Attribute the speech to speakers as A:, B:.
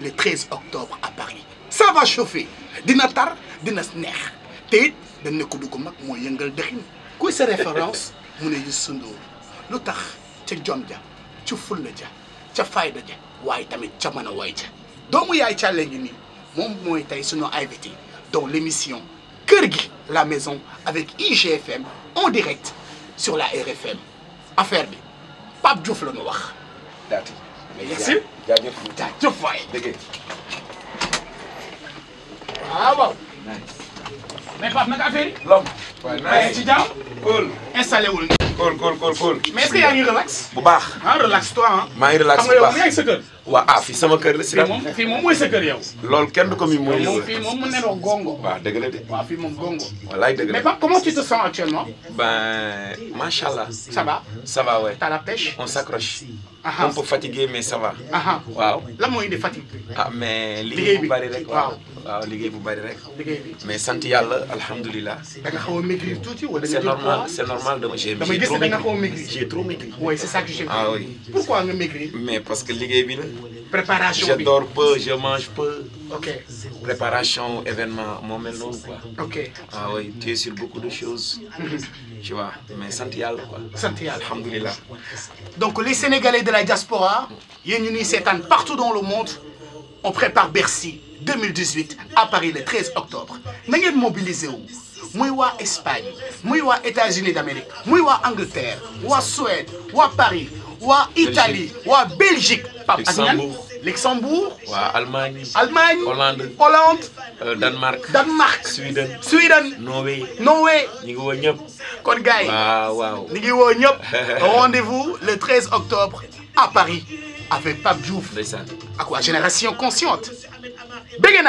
A: le 13 octobre à Paris ça va chauffer Dinatar, dinasner. dina neex te it ne ko dugg mag moo yëngal Quoi kuy sa référence mu sundo. Youssou Ndour lu tax ca jom ja ca fulla ja ja tamit a ja doomu yaay càlle ngi invité dans l'émission kergi la maison avec IGFM en direct sur la RFM affaire de. Pape Diouf la ñu wax
B: jaajëf jaajëf waay dëgg waaw mais pas naka affaire yi. Ouais, waaye maa ngi cool installé wul. cool cool cool cool. mais est-ce qu'il y a ngi relax. bu baax ah relax toi Hein. maa relax bu baax xam nga yow ah fii sama kër la si la. fii moom
A: fii moom mooy sa kër yow.
B: loolu kenn du ko muy mooy. yow fii
A: moom mën na gongo.
B: waaw dëgg la de. waaw fii moom gongo. wallaay dëgg la mais Pape
A: comment tu te sens actuellement.
B: ben machallah. ça va. ça va ouais. t'as la pêche. on s'accroche. Ah, ah. un peu fatigué mais ça va. Ah, waaw lan moo indi fatigué. ah mais liggéey bu bari rek waaw waaw liggéey bu bari rek. mais sant yàlla alhamdulilah. da
A: nga xaw a maigrir tuuti wala c'est normal c'est
B: normal dama j'ai j'ai trop
A: maigri. da
B: j'ai trop maigri. oui c'est ça que j'ai ah oui pourquoi nga maigrir. mais parce que liggéey bi la. préparation bi je dors peu je mange peu. ok préparation événement moo mel noonu quoi. ok ah oui tu es sur beaucoup de choses. Mhm. tu vois mais sant yàlla quoi. sant yàlla alhamdulilah. donc les Sénégalais de la diaspora yéen ñu ngi
A: seetaan partout dans le monde on prépare Bercy 2018 à Paris le 13 octobre Nous sommes mobilisés. Nous muy en Espagne muy États-Unis d'Amérique muy Angleterre Suède à Paris en Italie en Belgique Pape
B: Luxembourg Allemagne Allemagne Hollande Hollande euh, Danemark Danemark Sweden Suède. Norvège Norvège ñu ngi kon
A: rendez-vous le 13 octobre à Paris avec Pape les à A quoi génération consciente bëgg